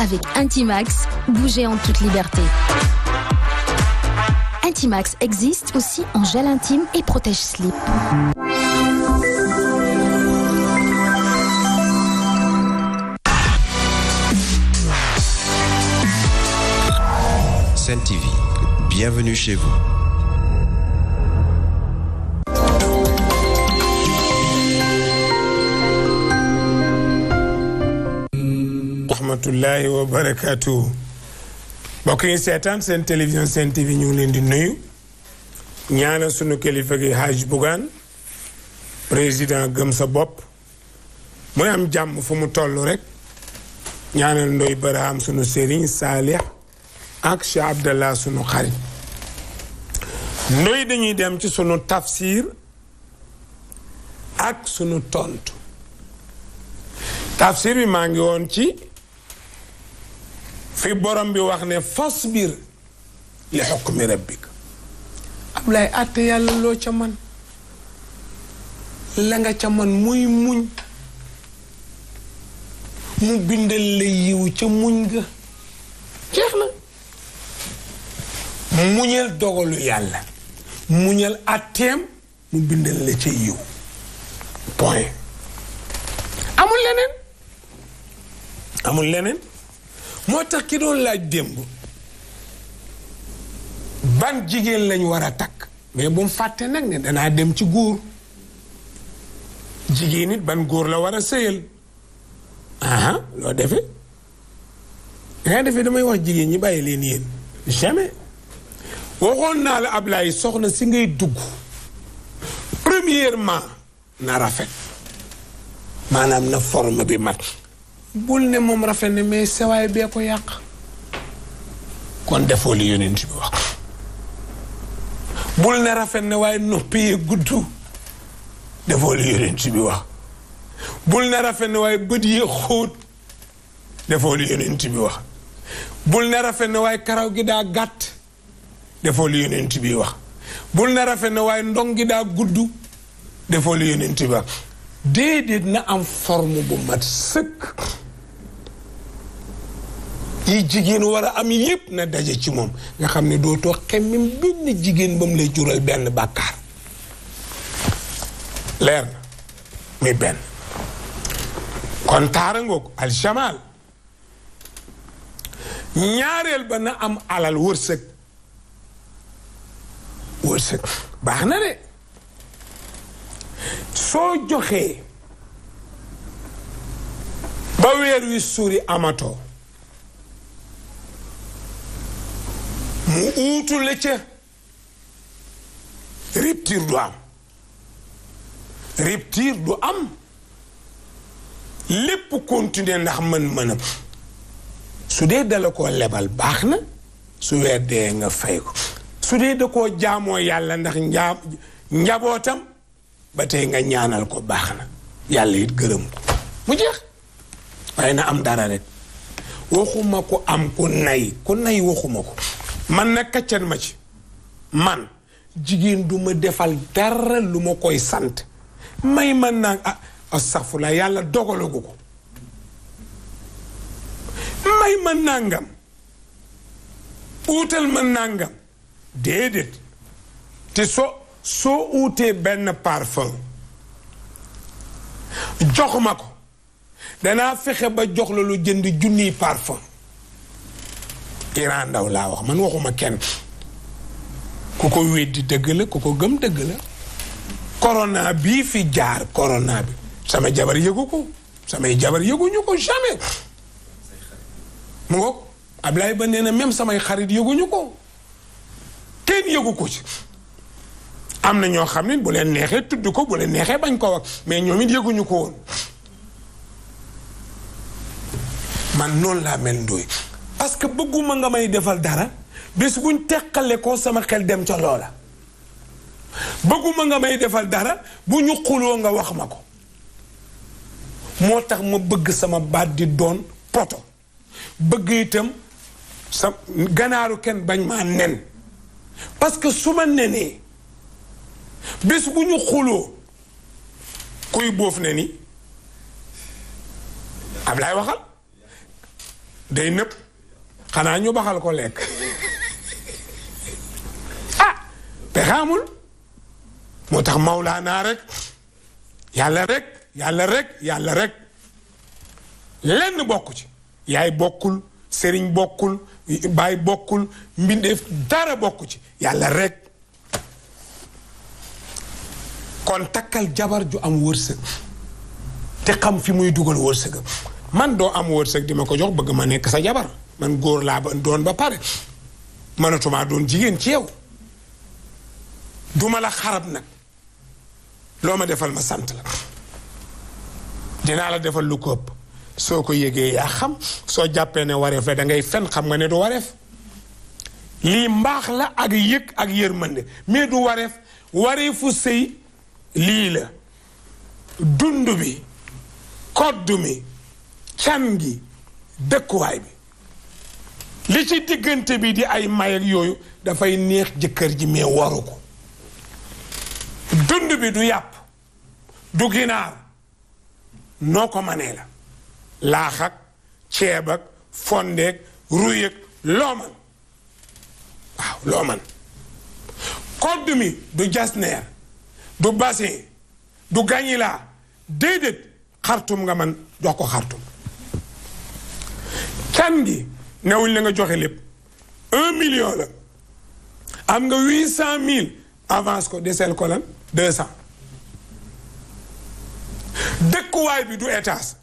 avec Intimax, bougez en toute liberté. Intimax existe aussi en gel intime et protège slip. Sainte TV, bienvenue chez vous. rahmatullahi wa barakaatu. mbokk yi seetaan seen télévision ñu ngi leen di nuyu. ñaanal sunu kilifa gi Hadj Bougane président gëm sa bopp. muy am jàmm fu mu toll rek. ñaanal ndoy Baraham sunu sëriñ Saalix ak Cheikh Abdallah sunu xarit. dañuy dem ci sunu tafsir sunu tontu. tafsir bi maa ngi woon ci. fi borom bi wax ne fasbir li xukmi rabbik ab lay àtte yàlla loo ca man la nga ca man muy muñ mu bindal la yiw ca muñ ga jeex na muñal dogalu yàlla muñal àtteem mu bindal la ca yiw point amul leneen amul leneen moo tax ki doon laaj démb ban jigéen lañ war a takk mais bu mu fàtte nag ne danaa dem ci góor jigéen it ban góor la war a sëyal loo defe danga defe damay wax jigéen ñi bàyyi leen yéen jamais waxoon naa la Ablaye soxna si ngay dugg premièrement na rafet maanaam na forme bi mat bul ne moom rafet ne mais sewaay bee ko yàq kon defoo li yonent bi wax bul ne rafet ne waaye noppi gudd defoo bi wax bul ne rafet ne waaye bët yee xóot defoo li yonent bi wax bul ne rafet ne waaye karaw gi daa gàtt defoo li yonent bi wax bul ne rafet ne waaye ndong gi daa gudd defoo li yonent bi wax déedéet na am forme bu mat sëkk li jigéen war a am yépp na daje ci moom nga xam ne dootoo xemmim benn jigéen ba mu lay jural benn bàkkaar leer na muy benn kon taara ngoog ñaareel ba na am alal wërsëg wërsëg baax na de soo joxee ba weer wi suuri amato mu uutu la ca rupture du am rupture du am lépp continuer ndax mën-mënam su dee dala koo lebal baax na su weer dee nga fay ko su dee da koo jaamoo yàlla ndax njabootam ba tey nga ñaanal ko baax na yàlla it gërëm ko mu jeex waaye na am dara rek waxuma ko am ku nay ku nay waxuma ko man na kaccan ma ci man jigéen duma defal dara lu ma koy sant may man naa ah, yàlla dogalagu ko ma nangam uutal ma nangam déedéet te soo soo uutee benn parfum jox ma ko danaa fexe ba jox la lu jënd junniy parfum Iran Ndao laa wax man waxuma kenn ku ko weddi dëgg la ku ko gëm dëgg la corona bii fi jaar corona bi sama jabar yëgu ko samay jabar yëguñu ko jamais mu ngoog Ablaye ba nee na même samay xarit yëguñu ko kenn yëgu ko ci am na ñoo xam ne bu leen neexee tudd ko bu leen neexee bañ ko wax mais ñoomit it yëguñu ko woon man noonu laa mel ndooy parce que bëgguma nga may defal dara bés buñ teqale ko sama xel dem ca loola bëgguma nga may defal dara bu ñu xuloo nga wax ma ko moo tax ma bëgg sama baat di doon poto bëgg itam sa ganaaru kenn bañ maa nen parce que su ma nenee bés bu ñu xuloo kuy boof ne ni am laay waxal day nëpp xanaa ñu baxal ko lekk ah pexe moo tax mawlaanaa rek yàlla rek yàlla rek yàlla rek lenn bokku ci yaay bokkul sëriñ bokkul baay bokkul mbindeef dara bokku ci yàlla rek kon takkal jabar ju am wërsëg te xam fi muy dugal wërsëgam man doo am wërsëg di ma ko jox bëgg ma nekk sa jabar man góor laa ba doon ba pare mënatumaa doon jigéen ci yow duma la xarab nag loo ma defal ma sant la dinaa la defal lu ko ëpp soo ko yëgee yaa xam soo jàppee ne wareef la da ngay xam nga ne du wareef lii mbaax la ak yëg ak yërmande mais du wareef wareefu sëy lii la dund bi kodd mi can gi dëkkuwaay bi li ci diggante bi di ay may yooyu dafay neex jëkkër ji mais waru ko dund bi du yàpp du ginaar noo ko manee la laax ak ceeb ak fondeeg ruy ak loo man waaw loo kodd mi du jasneer du bassin du gañilaa déedéet xartum nga man jox ko xartum can gi newuñ la nga joxe lépp un million la am nga huit cent mille avance ko deseel ko lan deux cent dëkkuwaay bi du étage